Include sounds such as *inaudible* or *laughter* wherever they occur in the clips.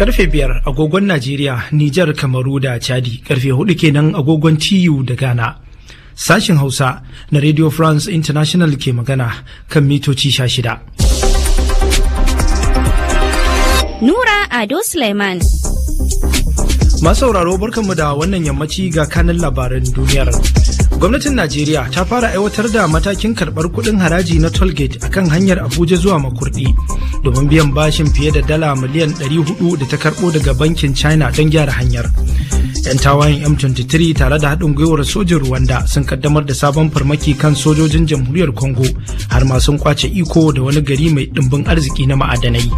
karfe biyar agogon Najeriya, Nijar, Kamaru da Chadi, karfe hudu kenan agogon TU da Ghana. Sashin Hausa na Radio France International ke magana kan mitoci sha shida. Nura Ado Suleiman. Masu Masauraro barkanmu da wannan yammaci ga kanan labaran duniyar. gwamnatin najeriya ta fara aiwatar da matakin karɓar kuɗin haraji na tollgate a kan hanyar abuja zuwa makurdi domin biyan bashin fiye da dala miliyan 400 da ta karɓo daga bankin china don gyara hanyar 'yan tawayen m23 tare da haɗin gwiwar sojin rwanda sun kaddamar da sabon farmaki kan sojojin jamhuriyar congo har ma sun kwace iko da wani gari mai ɗimbin arziki na ma'adanai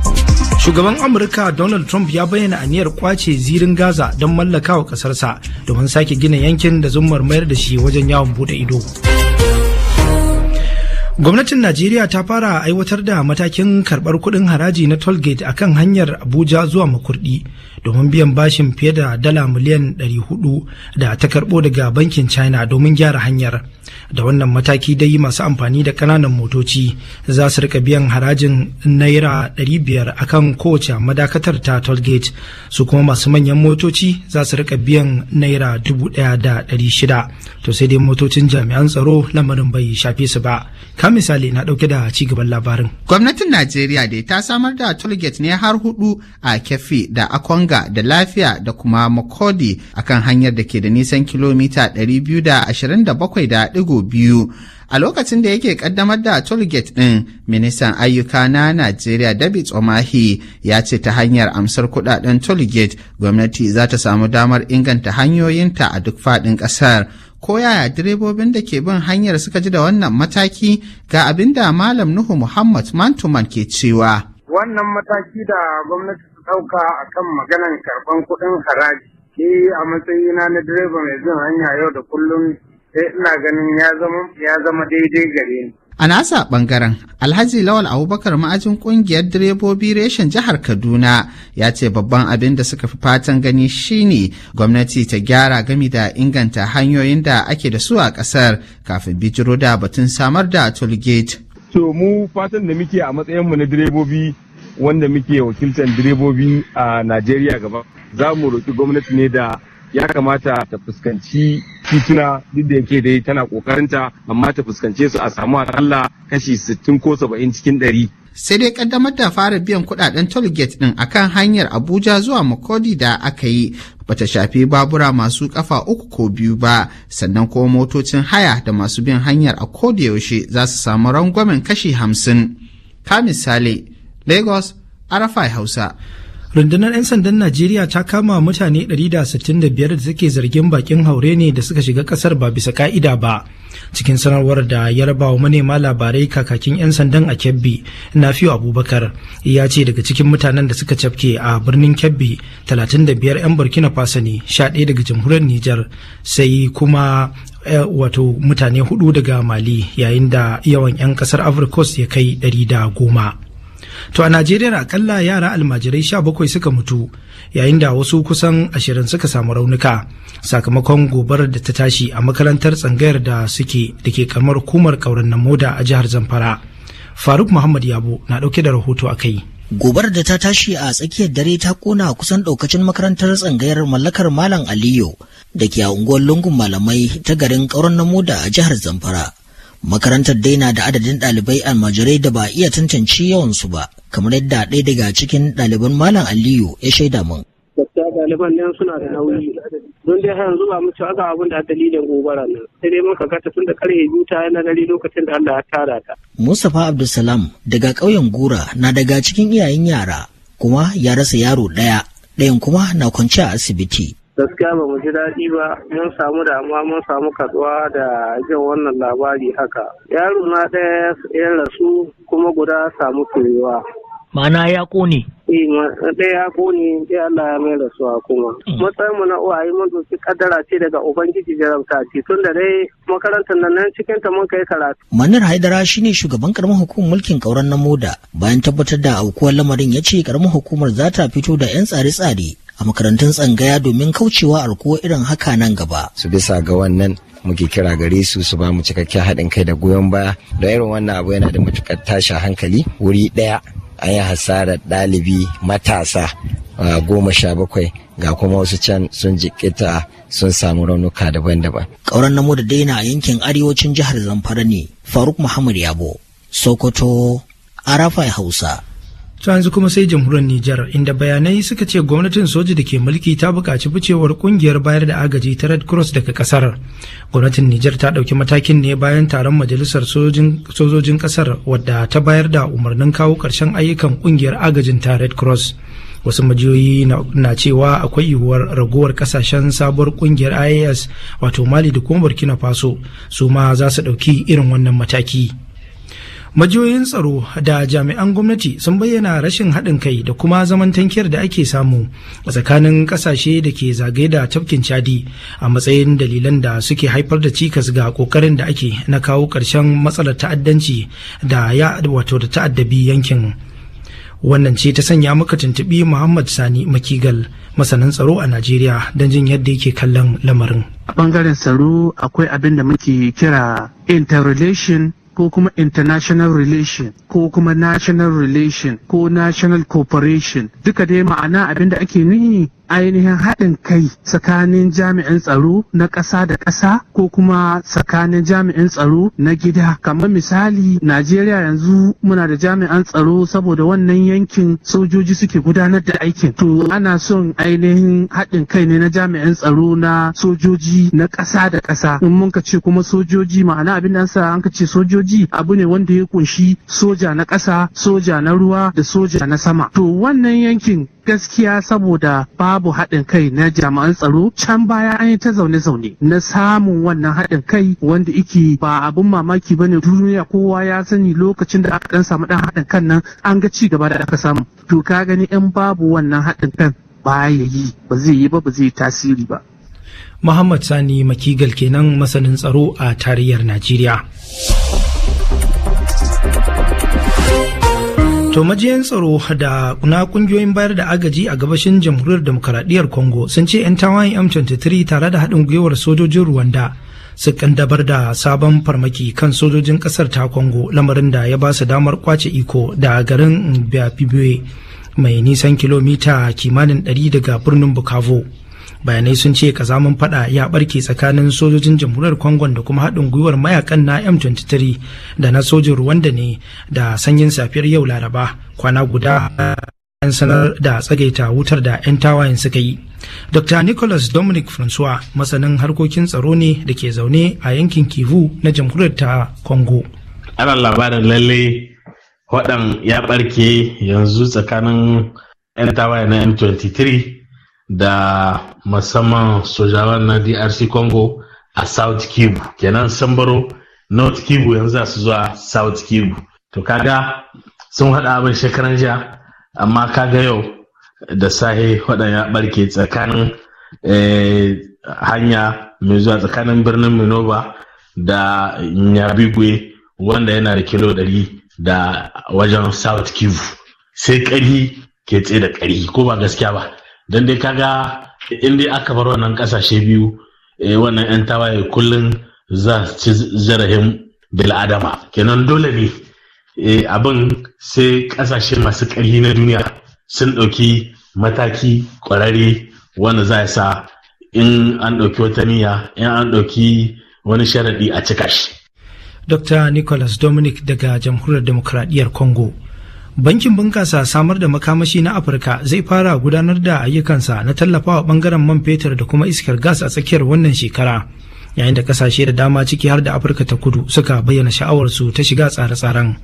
Shugaban Amurka Donald Trump ya bayyana aniyar kwace zirin Gaza don mallaka wa kasarsa domin sake gina yankin da zummar mayar da shi wajen yawon bude ido. Gwamnatin Najeriya ta fara aiwatar da matakin karbar kudin haraji na Tollgate a kan hanyar Abuja zuwa Makurdi domin biyan bashin fiye da dala miliyan 400 da ta karɓo daga bankin china domin gyara hanyar da wannan mataki dai masu amfani da ƙananan motoci za su rika biyan harajin naira 500 akan kowace madakatar ta tollgate su kuma masu manyan motoci za su rika biyan naira 1,600 to sai dai motocin jami'an tsaro lamarin bai shafe su ba ka misali na ɗauke da cigaban labarin gwamnatin najeriya dai ta samar da tollgate ne har hudu a kefi da akwanga Baga da Lafiya da kuma Makodi akan hanyar da ke da nisan kilomita 227.2. A lokacin da yake kaddamar da Tolgate ɗin, ministan ayyuka na Najeriya David Omahi ya ce ta hanyar amsar kudaden Tolgate gwamnati za ta samu damar inganta hanyoyinta a duk faɗin ƙasar. ko yaya direbobin da ke bin hanyar suka ji da wannan mataki ga abin da malam nuhu muhammad mantuman ke cewa wannan mataki da gwamnati ɗauka a kan maganan karɓan kuɗin haraji. Ni a matsayina na direba mai bin hanya yau da kullum sai ina ganin ya zama daidai gare ni. A nasa bangaren Alhaji Lawal Abubakar ma'ajin ƙungiyar direbobi reshen jihar Kaduna ya ce babban abin da suka fi fatan gani shine gwamnati ta gyara gami da inganta hanyoyin da ake da su a ƙasar, kafin bijiro da batun samar da toll gate. To mu fatan da muke a matsayinmu na direbobi wanda muke wakiltar direbobi a najeriya gaba za mu roƙi gwamnati ne da ya kamata ta fuskanci tituna duk da yake dai tana ta amma ta fuskance su a samu akalla kashi 60 ko 70 cikin 100 sai dai kaddamar da fara biyan kudaden toll gate din akan hanyar abuja zuwa makodi da aka yi bata shafi babura masu kafa uku ko biyu ba sannan kuma motocin haya da masu bin hanyar a koda yaushe za su samu rangwamen kashi hamsin ka misali Lagos, Arafai Hausa. rundunar 'yan sandan najeriya ta kama mutane 165 da suke zargin bakin haure ne da suka shiga kasar ba bisa ka'ida ba cikin sanarwar da ya raba wa manema labarai kakakin 'yan sandan a kebbi nafiyu abubakar ya ce daga cikin mutanen da suka cafke a birnin kebbi 35 'yan burkina faso ne 11 daga jamhuriyar nijar sai kuma eh, wato mutane hudu daga mali yayin da yawan 'yan kasar africa ya kai 110 To a Najeriya akalla yara almajirai sha bakwai suka mutu yayin da wasu kusan ashirin suka samu raunuka sakamakon gobarar da ta tashi a makarantar tsangayar da suke da ke kamar hukumar kauran na moda a jihar Zamfara. Faruk Muhammad Yabo na dauke da rahoto a kai. Gobar da ta tashi a tsakiyar dare ta kona kusan ɗaukacin makarantar tsangayar mallakar Malam Aliyu da ke a unguwar lungun malamai ta garin ƙaurin na moda a jihar Zamfara. makarantar daina da adadin ɗalibai almajirai da ba iya tantance yawansu ba kamar yadda ɗaya daga cikin ɗaliban malam aliyu ya shaida min gaskiya ɗaliban nan suna da nauyi don dai har yanzu ba mu ci aka abin da a dalilin gobara nan sai dai muka gata tun da karhe juta yana gari lokacin da Allah ya tara ta Mustapha Abdulsalam daga ƙauyen Gura na daga cikin iyayen yara kuma ya rasa yaro ɗaya ɗayan kuma na kwance a asibiti gaskiya ba mu ji daɗi ba mun samu damuwa mun samu katsuwa da jin wannan labari haka yaro na ɗaya ya rasu kuma guda samu turewa ma'ana ya ƙone eh, ɗaya ya ƙone sai Allah ya mai rasuwa kuma mm. matsayin mu na uwaye mun doki kaddara ce daga ubangiji jarabta ce tun da dai makarantar nan nan cikin ta mun kai karatu manar haidara shine shugaban karamar hukumar mulkin kauran na moda bayan tabbatar da aukuwar lamarin ya ce karamar hukumar za ta fito da yan tsare-tsare a makarantun tsangaya domin kaucewa arkuwa irin haka nan gaba. Su bisa ga wannan muke kira gare su su ba mu cikakken haɗin kai da goyon baya da irin wannan abu yana da matuƙar tashin hankali wuri ɗaya an yi hasarar ɗalibi matasa goma sha bakwai ga kuma wasu can sun jikita sun samu raunuka daban-daban. Ƙauran namu da daina a yankin arewacin jihar Zamfara ne Faruk Muhammad Yabo, Sokoto, Arafai Hausa. To yanzu kuma sai jamhuriyar Nijar inda bayanai suka ce gwamnatin soji da ke mulki ta buƙaci ficewar kungiyar bayar da agaji ta Red Cross daga ƙasar. Gwamnatin Nijar ta ɗauki matakin ne bayan taron majalisar sojojin ƙasar wadda ta bayar da umarnin kawo ƙarshen ayyukan kungiyar agajin ta Red Cross. Wasu majiyoyi na cewa akwai yiwuwar ragowar kasashen sabuwar kungiyar IAS wato Mali da kuma Burkina Faso su ma za su ɗauki irin wannan mataki. majiyoyin tsaro da jami'an gwamnati sun bayyana rashin haɗin kai da kuma zaman tankiyar da ake samu a tsakanin ƙasashe da ke zagaye da tafkin chadi a matsayin dalilan da suke haifar da cikas ga ƙoƙarin da ake na kawo ƙarshen matsalar ta'addanci da ya wato da ta'addabi yankin wannan ce ta sanya muka tuntuɓi muhammad sani makigal masanin tsaro a najeriya don jin yadda yake kallon lamarin a ɓangaren tsaro akwai abin da muke kira interrelation ko kuma international relation ko kuma national relation ko national corporation duka dai ma'ana abin da ake nuni. ainihin haɗin kai tsakanin jami'in tsaro na ƙasa da ƙasa ko kuma tsakanin jami'in tsaro na gida kamar misali najeriya yanzu muna da jami'an tsaro saboda wannan yankin sojoji suke gudanar da aikin to ana son ainihin haɗin kai ne na jami'in tsaro na sojoji na ƙasa da ƙasa in mun ka ce kuma sojoji ma'ana abin da an ka ce sojoji abu ne wanda ya kunshi soja na ƙasa soja na ruwa da soja na sama to wannan yankin gaskiya saboda babu haɗin kai na jami'an tsaro can baya an yi ta zaune-zaune na samun wannan haɗin kai wanda iki ba abun mamaki bane duniya kowa ya sani lokacin da aka dan samu dan haɗin kan nan an ga ci gaba da aka samu to ka gani in babu wannan haɗin kan ba ya yi ba zai yi ba ba zai tasiri ba Muhammad Sani Makigal kenan masanin tsaro a tarayyar Najeriya. To majiyan tsaro da na kungiyoyin bayar da agaji a gabashin jamhuriyar demokaradiyyar Congo sun ce 'yan tawayen M23 tare da haɗin gwiwar sojojin Rwanda su kandabar da sabon farmaki kan sojojin ƙasar ta Congo lamarin da ya ba su damar kwace iko da garin Biafibwe mai nisan kilomita kimanin 100 daga birnin Bukavu. bayanai sun ce zaman fada ya barke tsakanin sojojin jamhuriyar kongon da kuma haɗin gwiwar mayakan na m23 da na sojin da ne da sanyin safiyar yau laraba kwana guda 'yan sanar da tsagaita wutar da 'yan tawayen suka yi. Dr. Nicholas Dominic Francois masanin harkokin tsaro ne da ke zaune a yankin Kivu na jamhuriyar ta Congo. Ana labarin lalle waɗan ya ɓarke yanzu tsakanin 'yan tawayen na M23 da musamman sojawan na drc congo a south kivu kenan sun baro north kivu yanzu za su zuwa south kivu to kaga sun haɗa abin shekaran jiya amma kaga yau da sahe waɗanda ya ɓarke tsakanin eh, hanya mai zuwa tsakanin birnin minova da nyabigwe wanda yana da kilo ɗari da wajen south kivu sai ƙari ke tsaye da ƙari ko ba gaskiya ba don dai kaga in dai aka bar wannan kasashe biyu eh, wannan 'yan tawaye kullum za su ci zarahin bil'adama kenan dole ne eh, abin sai kasashe masu ƙarfi na duniya sun ɗauki mataki ƙwararre wanda za sa in an ɗauki wata niyya in an ɗauki wani sharaɗi a cika shi. Dr. Nicholas Dominic daga Jamhuriyar Demokradiyyar Congo. bankin bunkasa samar da makamashi na afirka zai fara gudanar da ayyukansa na tallafawa bangaren man fetur da kuma iskar gas a tsakiyar wannan shekara yayin da kasashe da dama ciki har da afirka ta kudu suka bayyana sha'awarsu ta shiga tsare-tsaren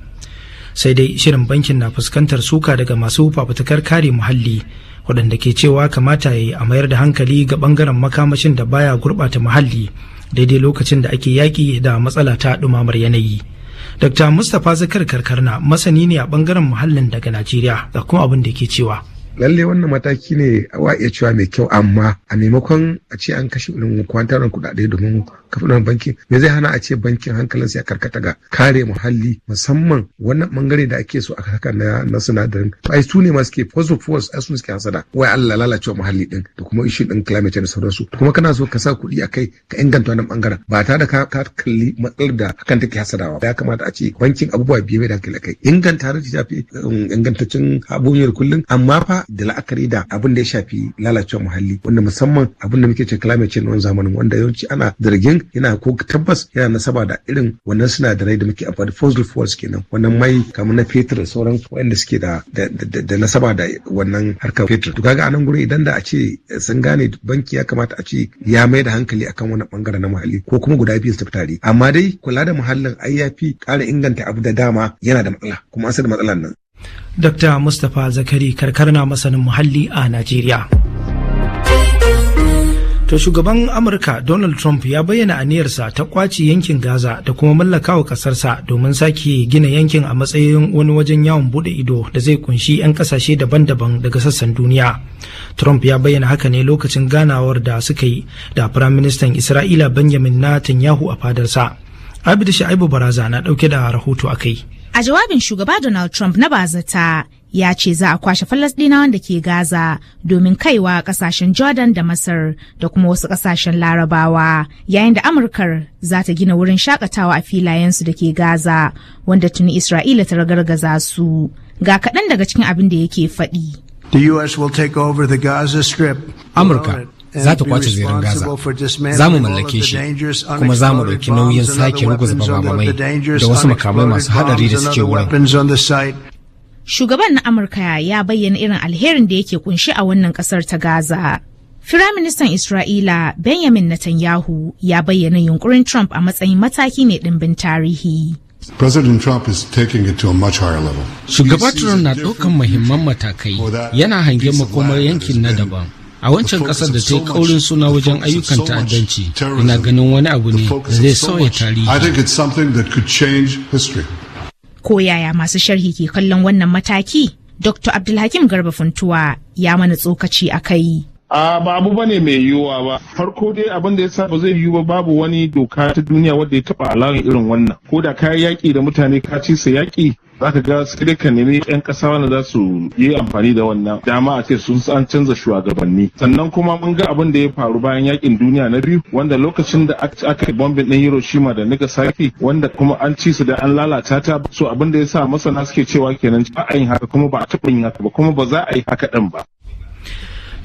sai dai shirin bankin na fuskantar suka daga masu fafutukar kare muhalli waɗanda ke cewa kamata ya yi a mayar da hankali ga bangaren makamashin da baya gurɓata muhalli daidai lokacin da ake yaƙi da matsala ta ɗumamar yanayi. Dr. Mustapha Zakar Karkarna masani ne a bangaren muhallin daga Najeriya da kuma abin da ke cewa. lalle wannan mataki ne wa iya cewa mai kyau amma a maimakon a ce an kashe irin kwantaran kudade domin kafin bankin me zai hana a ce bankin hankalinsa ya karkata ga kare muhalli musamman wannan bangare da ake so a haka na, na sinadarin ai su ne ma suke force of force ai su suke hasada wai Allah lalacewa muhalli din da kuma ishin din climate change sauran sauransu kuma kana so ka sa kuɗi a kai ka inganta wannan bangaren ba ta da ka kalli matsalar da hakan take hasadawa ya kamata a ce bankin abubuwa biyu da hankali kai inganta har ta shafi um, ingantaccen abubuwan kullum amma fa da la'akari da abin da ya shafi lalacewa muhalli wanda musamman abin da muke ce climate change wannan zamanin wanda yawanci ana zargin yana ko tabbas yana nasaba da irin wannan sinadarai da muke amfani fossil fuels kenan wannan mai kamar na fetur sauran wanda suke da da nasaba da wannan harkar fetur to kaga anan gure idan da a ce sun gane banki ya kamata a ce ya mai da hankali akan wannan bangare na muhalli ko kuma guda biyu su tafi tare amma dai kula da muhallin ai yafi ƙara inganta abu da dama yana da matsala kuma an san matsalar nan Dr. Mustapha Zakari karkar na masanin muhalli a Najeriya. To shugaban Amurka Donald Trump ya bayyana aniyarsa ta kwace yankin Gaza da kuma mallakawa kasarsa domin sake gina yankin a matsayin wani wajen yawon bude ido da zai kunshi 'yan kasashe daban-daban daga sassan duniya. Trump ya bayyana haka ne lokacin ganawar da suka yi da Firaministan Isra'ila Benjamin Netanyahu a fadarsa. Abid Sha'ibu Baraza na ɗauke da rahoto a kai. A jawabin shugaba Donald Trump na bazata ya ce za a kwashe Falasɗinawan wanda ke Gaza domin kaiwa kasashen Jordan da Masar da kuma wasu kasashen Larabawa yayin da Amurkar za ta gina wurin shakatawa a filayensu da ke Gaza wanda tuni Isra'ila ta ragargaza su. Ga kaɗan daga cikin abin da yake faɗi. The U.S. will take over the Gaza Strip. Amurka za ta kwace zirin Gaza. Za mu mallake shi kuma za mu ɗauki nauyin sake ruguza babamai da wasu makamai masu haɗari da suke wurin. Shugaban na Amurka ya bayyana irin alherin da yake kunshi a wannan ƙasar ta Gaza. Firaministan Isra'ila Benjamin Netanyahu ya bayyana yunkurin Trump a matsayin mataki ne ɗimbin tarihi. President Trump na ɗaukan muhimman matakai yana hangen makomar yankin na daban. a wancan kasar da ta yi kaurin suna wajen ayyukan ta'addanci ina ganin wani abu ne da zai sauya tarihi ko yaya masu sharhi ke kallon wannan mataki dr abdulhakim garba funtuwa ya mana tsokaci a kai a ba abu bane mai yiwuwa ba farko dai abin da yasa ba zai yiwu ba babu wani doka ta duniya wadda ya taba alaƙa irin wannan ko da kayi yaki da mutane ka ci sa yaƙi zaka ga sai dai ka nemi yan kasa wanda za su yi amfani da wannan dama a ce sun an canza shugabanni sannan kuma mun ga abin da ya faru bayan yakin duniya na biyu wanda lokacin da aka yi bombin din Hiroshima da Nagasaki wanda kuma an ci su da an lalata ta so abin da ya sa masana suke cewa kenan ba a yi haka kuma ba a taɓa yin haka ba kuma ba za a yi haka ɗin ba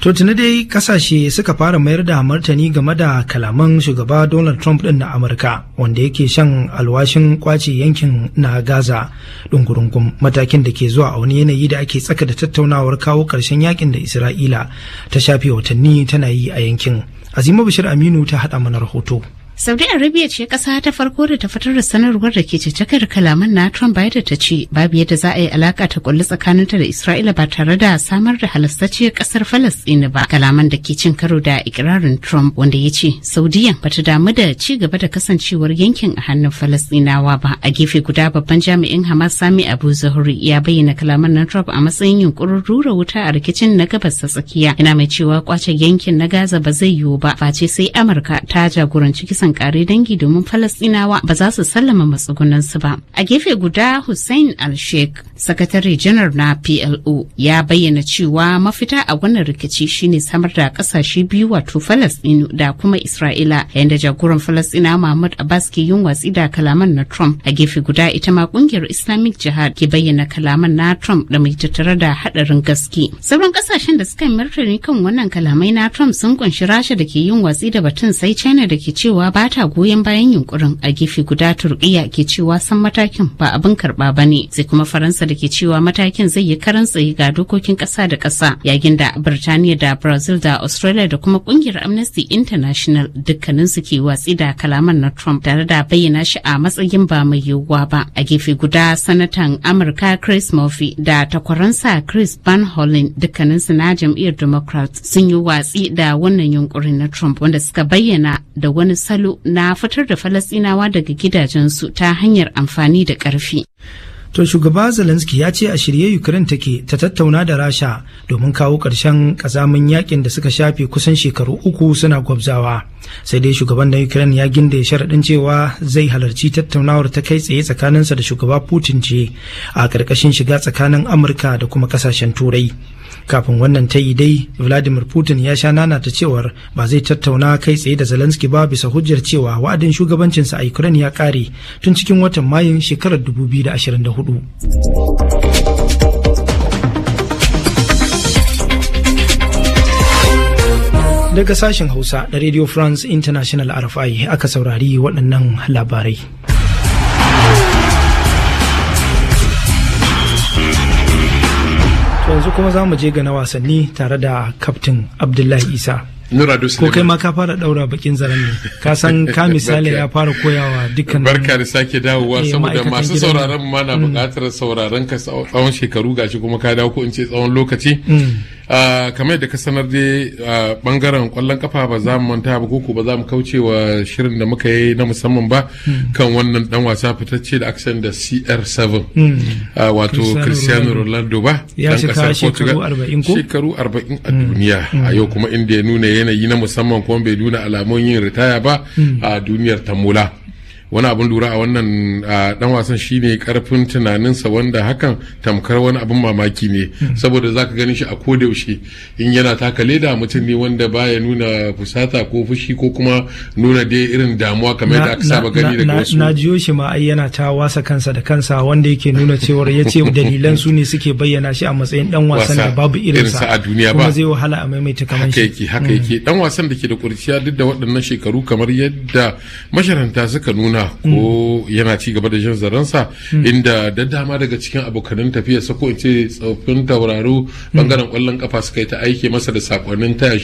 To tuni dai kasashe suka fara mayar da martani game da kalaman shugaba Donald Trump din na Amurka wanda yake shan alwashin kwace yankin na Gaza ɗungurungun matakin da ke zuwa a wani yanayi da ake tsaka da tattaunawar kawo ƙarshen yakin da Isra'ila ta shafe watanni tana yi a yankin. Azima Bashir Aminu ta haɗa mana rahoto. Saudi Arabia ce kasa ta farko da ta fitar da sanarwar da ke da kalaman na Trump bayan da ta ce babu yadda za a yi alaka ta kulli tsakaninta da Isra'ila ba tare da samar da halastacciyar kasar Falasɗini ba. Kalaman da ke cin karo da ikirarin Trump wanda ya ce Saudiya ba ta damu da ci gaba da kasancewar yankin a hannun Falasɗinawa ba. A gefe guda babban jami'in Hamas Sami Abu Zuhri ya bayyana kalaman na Trump a matsayin yunkurin rura wuta a rikicin na gabas ta tsakiya. Yana mai cewa kwace yankin na Gaza ba zai yiwu ba face sai Amurka ta jagoranci kisan sankare kare dangi domin Falasɗinawa ba za su sallama su ba. A gefe guda Hussein Al-Sheikh, sakatare janar na PLO, ya bayyana cewa mafita a wannan rikici shine samar da kasashe biyu wato Falasɗinu da kuma Isra'ila, da jagoran falastina Mahmud Abbas ke yin watsi da kalaman na Trump. A gefe guda ita ma kungiyar Islamic Jihad ke bayyana kalaman na Trump da mai tattare da hadarin gaske. Sauran kasashen da suka yi martani kan wannan kalamai na Trump sun kunshi Rasha da ke yin watsi da batun sai China da ke cewa ba ta goyon bayan yunkurin a gefe guda turkiya ke cewa san matakin ba abin karba ba ne sai kuma faransa da ke cewa matakin zai yi karan tsaye ga dokokin kasa da kasa yayin da birtaniya da brazil da australia da kuma kungiyar amnesty international dukkanin su ke watsi da kalaman na trump tare da bayyana shi a matsayin ba mai yiwuwa ba a gefe guda sanatan amurka chris murphy da takwaransa chris van hollen dukkanin su na jam'iyyar democrats sun yi watsi da wannan yunkurin na trump wanda suka bayyana da wani salo Bello na fitar da Falasɗinawa daga gidajensu ta hanyar amfani da ƙarfi. To shugaba Zelensky ya ce a shirye Ukraine take ta tattauna da Rasha domin kawo ƙarshen ƙazamin yakin da suka shafe kusan shekaru uku suna gwabzawa. Sai dai shugaban da Ukraine ya ginda ya sharaɗin cewa zai halarci tattaunawar ta kai tsaye tsakaninsa da shugaba Putin ce a ƙarƙashin shiga tsakanin Amurka da kuma ƙasashen Turai. kafin wannan ta yi dai vladimir putin ya sha nanata cewar ba zai tattauna kai tsaye da zelensky ba bisa hujjar cewa wa'adin shugabancinsa a ukraine ya kare tun cikin watan mayun shekarar 2024 daga sashen hausa da radio france international rfi aka saurari waɗannan labarai yanzu kuma za mu je ga na wasanni tare da kaftin abdullahi isa Ko kai ma ka fara daura bakin zaren ne. Ka san ka *laughs* misali ya fara koyawa dukkan Barka da sake dawowa eh, saboda masu sauraron ma na mm. buƙatar sauraron ka tsawon shekaru gashi kuma ka dawo ko in ce tsawon lokaci. Mm. kamar yadda ka sanar da bangaren kwallon kafa ba za mu manta ba koko ba za mu kauce wa shirin da muka yi na musamman ba kan wannan dan wasa fitacce da aksan da CR7 hmm. wato Cristiano Ronaldo ba dan kasar Portugal shekaru 40 a hmm. duniya a hmm. yau kuma inda ya nuna yanayi na musamman kuma bai nuna alamun yin ritaya ba a duniyar tamula. wani abin lura a wannan dan wasan shine karfin tunaninsa wanda hakan tamkar wani abin mamaki ne saboda zaka gani shi a kodaushe in yana taka leda mutum ne wanda baya nuna fusata ko fushi ko kuma nuna dai irin damuwa kamar da aka saba gani daga wasu na jiyo shi ma ai yana ta wasa kansa da kansa wanda yake nuna cewar ya ce dalilan su ne suke bayyana shi a matsayin dan wasan da babu irinsa a duniya ba kuma zai wahala a maimaita kamar shi haka haka yake mm. dan wasan da ke da kurciya duk da waɗannan shekaru kamar yadda masharanta suka nuna ko yana ci gaba da jin sa inda da dama daga cikin abokanin tafiya sako in ce tsoffin tauraro bangaren kwallon kafa suka yi ta aike masa da sakonnin taya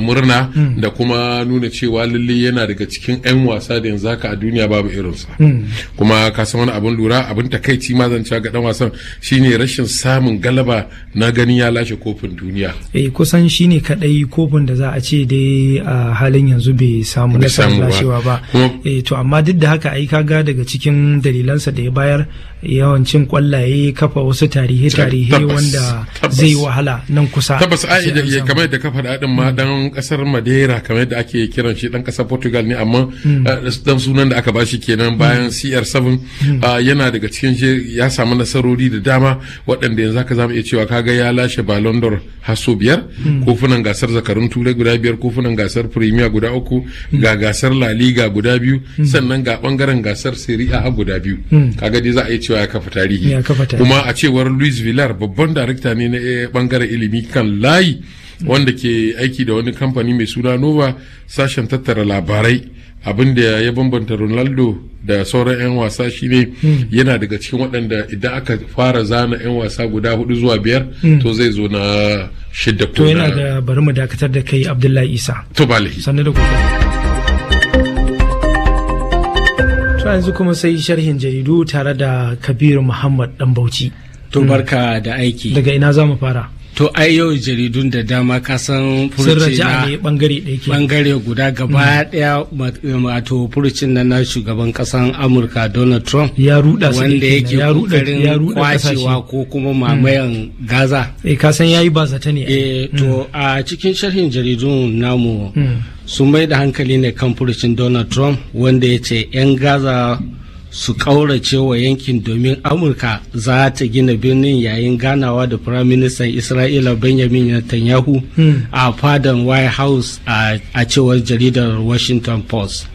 murna ah, mm. da kuma nuna cewa lalle yana daga cikin 'yan wasa da yanzu haka a duniya babu irin sa. Mm. kuma ka san wani abin lura abin takaici ma zan ga dan wasan shine rashin samun galaba na gani ya lashe kofin duniya eh kusan shine kadai kofin da za a ce dai a halin yanzu bai samu nasarar lashewa ba eh, to amma duk da haka ai kaga daga cikin dalilansa da ya bayar yawancin kwallaye kafa wasu tarihi tarihi wanda zai wahala nan kusa tabbas ai da kamar da kafa da din ma dan mm. kasar Madeira kamar da ake kiran shi dan kasar Portugal ne amma dan mm. eh, sunan da aka bashi kenan bayan mm. CR7 ah, yana daga cikin shi ya samu nasarori da dama waɗanda yanzu aka zamu iya cewa kaga ya lashe Ballon d'Or haso biyar kofunan gasar zakarun turai guda biyar kofunan gasar Premier guda uku ga gasar La Liga guda biyu sannan ga bangaren gasar Serie A guda biyu hmm. kaga dai za a yi cewa ya kafa tarihi kuma a cewar Luis Villar babban darakta ne na bangaren eh, ilimi kan layi wanda ke aiki da wani kamfani mai suna Nova sashen tattara labarai abin da ya bambanta ronaldo da sauran 'yan wasa shine hmm. yana daga cikin waɗanda idan aka fara zana 'yan wasa guda hudu zuwa biyar hmm. to zai zo na shidda to yana da bari mu dakatar da kai abdullahi isa to bale sannan da gobe yanzu kuma sai sharhin jaridu tare da kabiru Muhammad Bauchi. To barka da aiki. Daga ina za mu fara? to ai yau jaridun da dama ka san furuci na bangare bangare guda gaba daya mm. wato furucin na shugaban kasan amurka donald trump ya ruda su wanda yake kokarin kwacewa ko kuma mm. mamayan gaza eh ka san yayi ba zata ne eh mm. to a cikin sharhin jaridun namu sun mai da hankali ne kan furucin donald trump wanda ya ce 'yan gaza su ƙaurace wa yankin domin amurka za ta gina birnin yayin ganawa da firaministan isra'ila benjamin netanyahu hmm. a fadan white house a cewar jaridar washington post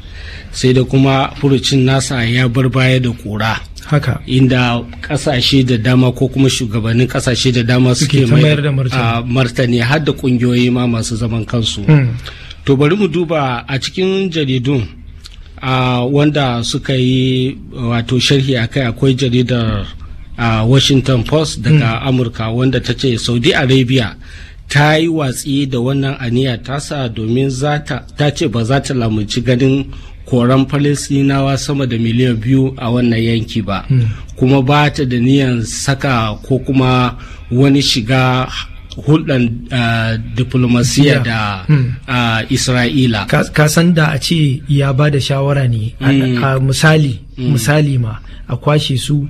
sai da kuma furucin nasa ya bar baya da kura haka inda kasashe da dama ko kuma shugabannin kasashe da dama suke mayar da martani har da kungiyoyi ma masu zaman kansu hmm. to bari mu duba a cikin jaridun A wanda suka yi wato sharhi a kai akwai jaridar a washington post daga hmm. amurka wanda ta ce saudi arabia ta yi watsi da wannan aniya tasa domin ta ce ba za ta lamunci ganin koran falisinawa sama da miliyan biyu a wannan yanki ba hmm. kuma ba ta da niyan saka ko kuma wani shiga hulɗan ah, diplomasiya da hmm. ah, isra'ila ka san da a ce ya ba da shawara ne a hmm. misali hmm. misali ma a kwashe su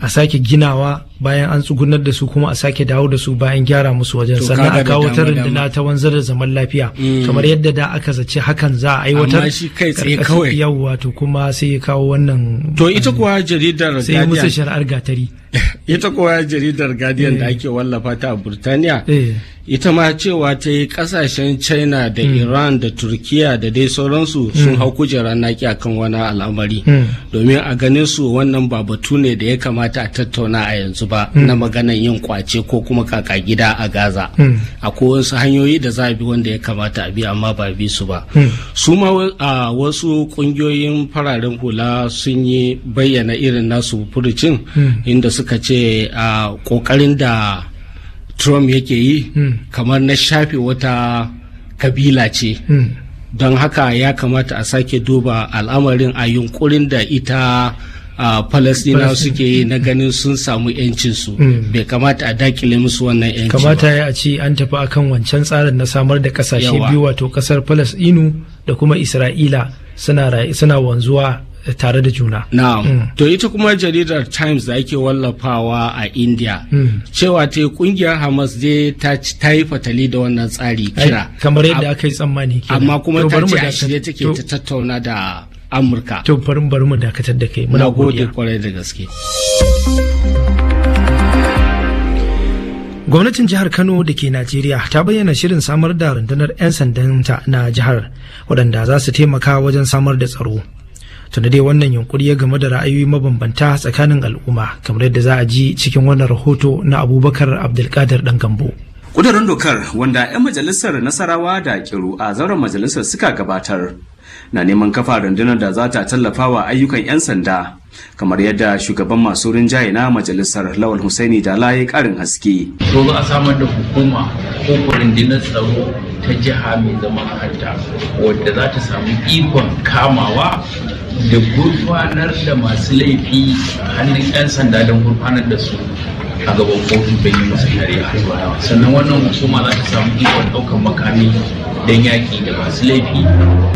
a sake ginawa bayan an tsugunar da su kuma a sake dawo da su bayan gyara musu wajen sannan a kawo ta runduna ta wanzar da zaman lafiya mm. kamar yadda da aka zace hakan za a aiwatar amma shi kai yau wato kuma sai ya kawo wannan to ita kuwa jaridar sai musu shari'ar gatari *laughs* ita kuwa jaridar guardian da eh. ake wallafa ta a burtaniya eh. ita ma cewa ta yi kasashen china da hmm. iran da turkiya da dai sauransu sun hmm. hau kujerar naki a kan wani al'amari hmm. domin a ganin su wannan ba batu ne da ya kamata a tattauna a yanzu ba hmm. na maganan yin kwace ko kuma kaka gida a gaza hmm. akwai wasu hanyoyi da za a bi wanda ya kamata a bi amma ba bi su ba hmm. su ma wasu kungiyoyin fararen hula sun yi bayyana irin nasu furucin inda suka ce a kokarin da trump yake yi kamar na shafe wata kabila ce don haka ya kamata a sake duba al'amarin a yunkurin da ita falasdina suke yi na ganin sun samu yancinsu hmm. bai kamata a dakile musu wannan yanci kamata ya a ce an tafi akan wancan tsarin na samar da kasashe biyu wato kasar falasdinu da kuma isra'ila suna wanzuwa tare da juna. Na'am. Mm. To ita kuma jaridar Times da ake wallafawa a India hmm. cewa ta kungiyar Hamas je ta yi fatali da wannan tsari kira. Kamar yadda aka yi tsammani. Amma kuma ta ce a shirye take ta tattauna da amurka to farin bari mu dakatar da kai muna gode kwarai da gaske gwamnatin jihar kano da ke najeriya ta bayyana shirin samar da rundunar 'yan sandanta na jihar waɗanda za su taimaka wajen samar da tsaro tunda dai wannan yunkuri ya game da ra'ayoyi mabambanta tsakanin al'umma kamar yadda za a ji cikin wannan rahoto na abubakar abdulkadir dan gambo ƙudurin dokar wanda 'yan majalisar nasarawa da kiru a zauren majalisar suka gabatar na neman kafa rundunar da za ta tallafa wa ayyukan 'yan sanda kamar yadda shugaban masu rinjaye na majalisar lawal husaini da layi karin haske so za a samar da hukuma ko rundunar tsaro ta jiha mai zama hanta, wadda za ta samu ikon kamawa da gurfanar da masu laifi hannun 'yan sanda don gurfanar da su a gaban kotu don yi musu shari'a sannan wannan hukuma za ta samu ikon ɗaukar makami don yaƙi da masu laifi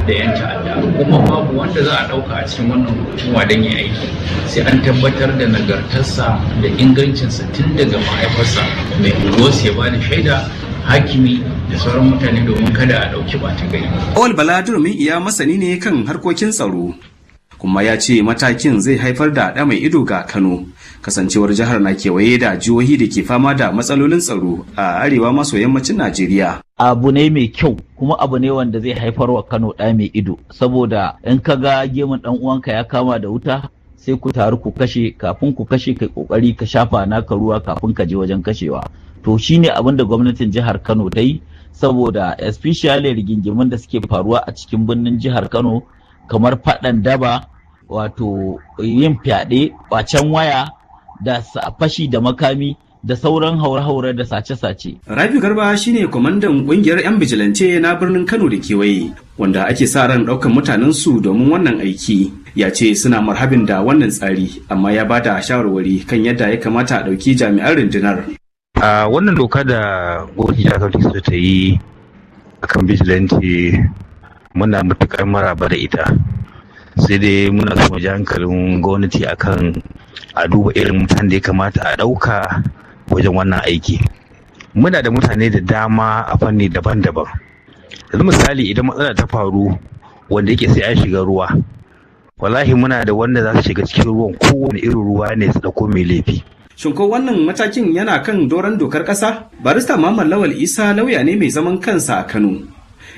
da 'yan ta'adda kuma babu wanda za a ɗauka a cikin wannan hukuma don ya aiki sai an tabbatar da nagartarsa da ingancinsa tun daga mahaifarsa mai unguwarsa ya bani shaida hakimi da sauran mutane domin kada a ɗauki ta gari. Paul Bala mai iya masani ne kan harkokin tsaro kuma ya ce matakin zai haifar da ɗa mai ido ga Kano. kasancewar jihar na kewaye da jihohi da ke fama da matsalolin tsaro a arewa maso yammacin najeriya abu ne mai kyau kuma abu ne wanda zai haifar wa kano ɗa mai ido saboda in ka ga gemun ɗan uwanka ya kama da wuta sai ku taru ku kashe kafin ku kashe kai kokari ka shafa naka ruwa kafin ka je wajen kashewa to shine abin da gwamnatin jihar Kano ta yi saboda especially rigingimin da suke faruwa a cikin birnin jihar Kano kamar faɗan daba wato yin fyaɗe ƙwacen waya da fashi da makami da sauran haure-haure da sace-sace. Rabi Garba shine kwamandan ƙungiyar 'yan bijilance na birnin Kano da kewaye, wanda ake sa ran ɗaukan mutanen su domin wannan aiki. Ya ce suna marhabin da wannan tsari, amma ya bada shawarwari kan yadda ya kamata a ɗauki jami'an rundunar. A wannan doka da gwamnati ta kauce su ta yi akan bijilance muna matuƙar maraba da ita. Sai dai muna so mu ji hankalin gwamnati akan a duba irin mutane da ya kamata a ɗauka wajen wannan aiki muna da mutane da dama a fanni daban-daban yanzu misali idan matsala ta faru wanda yake sai an shiga ruwa wallahi muna da wanda za su shiga cikin ruwan kowane irin ruwa ne su dauko mai laifi shin ko wannan matakin yana kan doron dokar kasa barista Mamman Lawal Isa lauya ne mai zaman kansa a Kano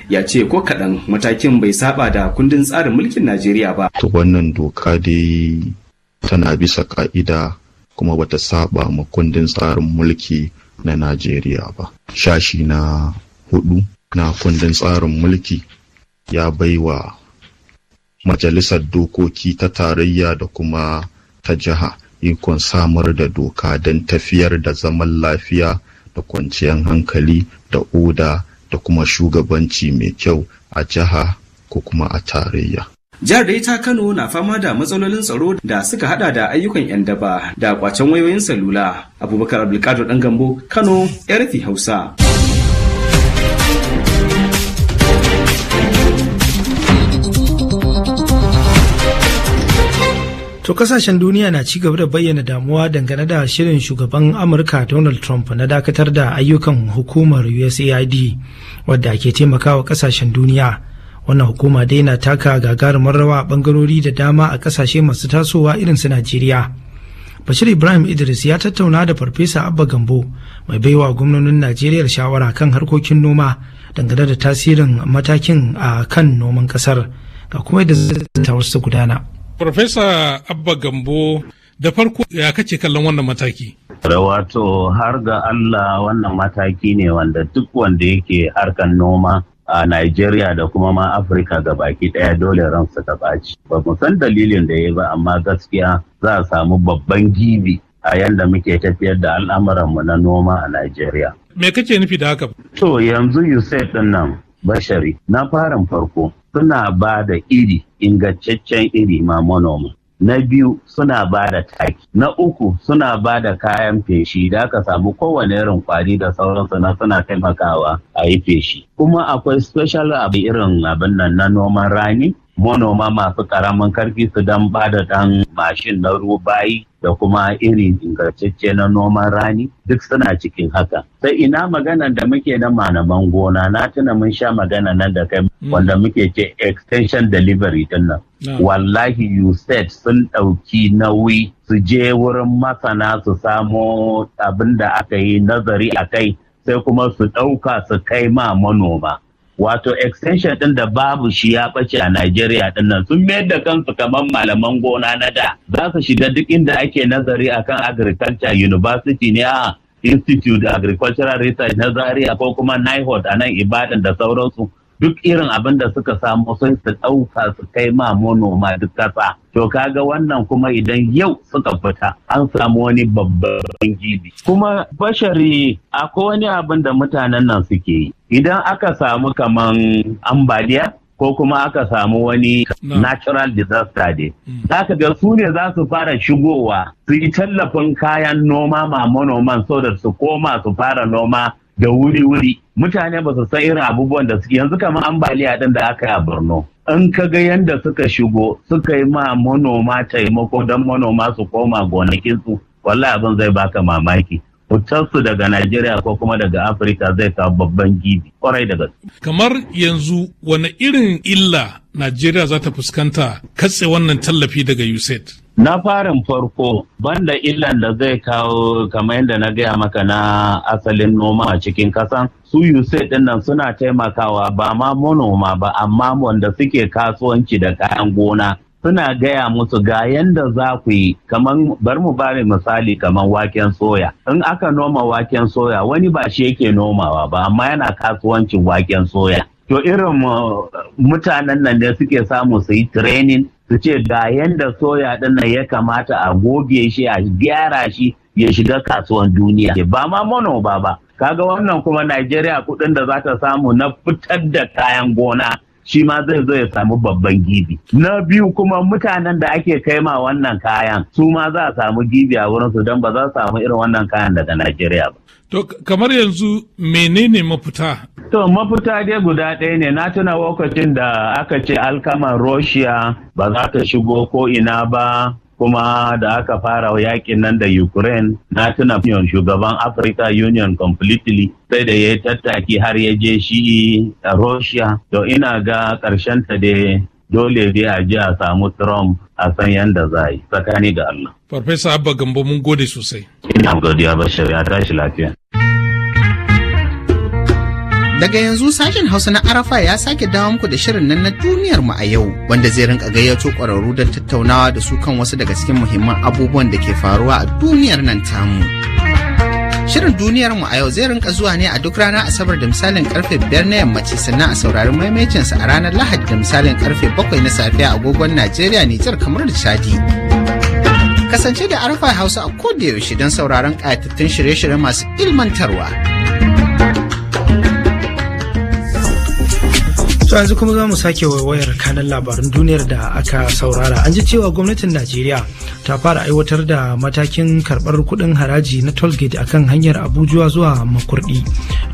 ya ce ko kaɗan matakin bai saba da kundin tsarin mulkin Najeriya ba. wannan doka dai tana bisa ka'ida kuma bata saba ma kundin tsarin mulki na Najeriya ba. Shashi na hudu na kundin tsarin mulki ya baiwa Majalisar Dokoki ta Tarayya da kuma ta jiha ikon samar da doka don tafiyar da zaman lafiya da kwanciyar hankali da oda da kuma shugabanci mai kyau a jiha ko kuma a tarayya. Jihar da ta Kano na fama da matsalolin tsaro da suka hada da ayyukan 'yan daba da kwacen wayoyin salula. Abubakar Abdulkadir Dan Gambo, Kano, yarfi Hausa. To kasashen duniya na ci gaba da bayyana damuwa dangane da shirin shugaban Amurka Donald Trump na dakatar da ayyukan hukumar USAID wadda ke taimakawa kasashen duniya. wannan hukuma dai na taka gagarumar rawa a bangarori da dama a kasashe masu tasowa irin su najeriya bashir ibrahim idris ya tattauna da farfesa abba gambo mai baiwa gwamnonin najeriya shawara kan harkokin noma dangane da tasirin matakin a kan noman kasar ga kuma da zantawar su gudana farfesa abba gambo da farko ya kace kallon wannan mataki rawato har ga allah wannan mataki ne wanda duk wanda yake harkan noma a Najeriya da kuma ma Afirka ga baki ɗaya dole ransa ta baci. Ba mu san dalilin da ya ba amma gaskiya za a samu babban gibi a yadda muke tafiyar da al'amuranmu na noma a Najeriya. Me kake nufi da haka? To yanzu Yusuf ɗin nan bashari na farin farko suna ba da iri ingantaccen iri ma manoma. na biyu suna ba da taki na uku suna ba da kayan feshi da aka samu kowane irin kwari da sauransu na suna taimakawa a yi feshi kuma akwai special abu irin abin nan na noman rani manoma masu karamin karfi su dan ba da dan mashin na rubayi da kuma irin ingantacce na noman rani duk suna cikin haka. Sai ina magana da muke na malaman gona na tuna mun sha magana nan da kai mm. wanda muke ce extension delivery din nan. Wallahi said sun ɗauki nauyi su je wurin masana su samo abin da aka yi nazari a kai sai kuma su ɗauka su kai ma manoma. wato extension ɗin da babu shi ya ɓace a Najeriya ɗin nan sun mayar da kansu kamar malaman gona na da za su shiga duk inda ake nazari akan agriculture university ne a institute agricultural research na zaria ko kuma Nihot a nan ibadan da sauransu duk irin abin da suka samu sun su ɗauka su kai ma manoma duk ƙasa. To kaga wannan kuma idan yau suka fita an samu wani babban jibi. Kuma bashari akwai wani abin da mutanen nan suke yi. Idan aka samu kaman ambaliya ko kuma aka samu wani natural disaster dai. Hmm. Za ka ga su ne za su fara shigowa su yi tallafin kayan noma ma manoman so da su koma su fara noma da wuri-wuri mutane ba su san irin abubuwan da suke yanzu kamar ambaliya din da aka yi a Borno in ka ga yadda suka shigo suka yi ma manoma taimako don manoma su koma gonakinsu wallahi abin zai baka mamaki fitarsu daga Najeriya ko kuma daga Afirka zai kawo babban gibi kwarai da gaske. Kamar yanzu wani irin illa Najeriya za ta fuskanta katse wannan tallafi daga USAID? Na farin farko banda illan da zai kawo kamar yadda na gaya maka na asalin noma a cikin kasan su yuse din nan suna taimakawa ba ma manoma ba amma wanda suke kasuwanci da kayan gona suna gaya musu ga yadda za ku yi kamar bar mu bari misali kamar waken soya in aka noma waken soya wani ba shi yake nomawa ba amma yana kasuwancin waken soya to irin uh, mutanen nan da suke samu su yi training su ce ga yanda soya ɗin nan ya kamata a goge shi a gyara shi ya shiga kasuwan duniya ba ma manoma ba kaga wannan kuma Najeriya kuɗin da za ta samu na fitar da kayan gona shi ma zai zo ya samu babban gibi. Na biyu kuma mutanen da ake kaima wannan kayan su ma za a samu gibi a wurinsu don ba za su samu irin wannan kayan daga Najeriya ba. To kamar yanzu menene mafita To mafuta dai guda ɗaya ne na tuna lokacin da aka ce alkaman Russia ba za ta shigo ko ina ba kuma da aka fara yakin nan da Ukraine na tuna shugaban Africa Union completely sai da ya tattaki har ya je shi a Russia to ina ga ƙarshen ta dai dole dai a ji a samu Trump a san yadda za yi tsakani da Allah. Farfesa Abba Gambo mun gode sosai. Ina godiya ba ya tashi lafiya. Daga yanzu sashen Hausa na Arafa ya sake dawo muku da shirin nan na duniyar mu a yau wanda zai rinka gayyato ƙwararru don tattaunawa da su kan wasu daga cikin muhimman abubuwan da ke faruwa a duniyar nan tamu. Shirin duniyar mu a yau zai rinka zuwa ne a duk ranar Asabar da misalin karfe biyar na yammaci sannan a saurari sa a ranar Lahadi da misalin karfe bakwai na safiya agogon Najeriya, Nijar, kamar da Chadi. kasance da arafa hausa a koda yaushe don sauraron ƙayatattun shirye-shirye masu ilmantarwa To yanzu kuma za mu sake waiwayar kanan labarin duniyar da aka saurara. An ji cewa gwamnatin Najeriya ta fara aiwatar da matakin karɓar kuɗin haraji na tollgate akan hanyar abuja zuwa makurdi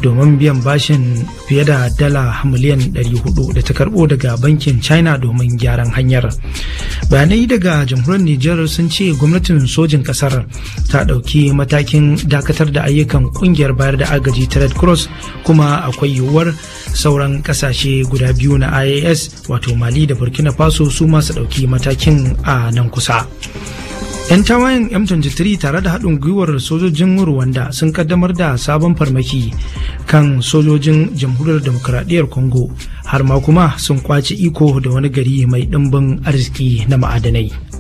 domin biyan bashin fiye da dala miliyan 400 da ta karɓo daga bankin china domin gyaran hanyar bayanai daga jamhuriyar niger sun ce gwamnatin sojin kasar ta ɗauki matakin dakatar da ayyukan ƙungiyar bayar da agaji ta red cross kuma akwai yiwuwar sauran ƙasashe guda biyu na ias wato mali da burkina faso su masu ɗauki matakin a nan kusa. 'yan tawayen m23 tare da haɗin gwiwar sojojin rwanda sun kaddamar da sabon farmaki kan sojojin jamhuriyar demokuraɗiyyar congo har ma kuma sun kwace iko da wani gari mai ɗimbin arziki na ma'adanai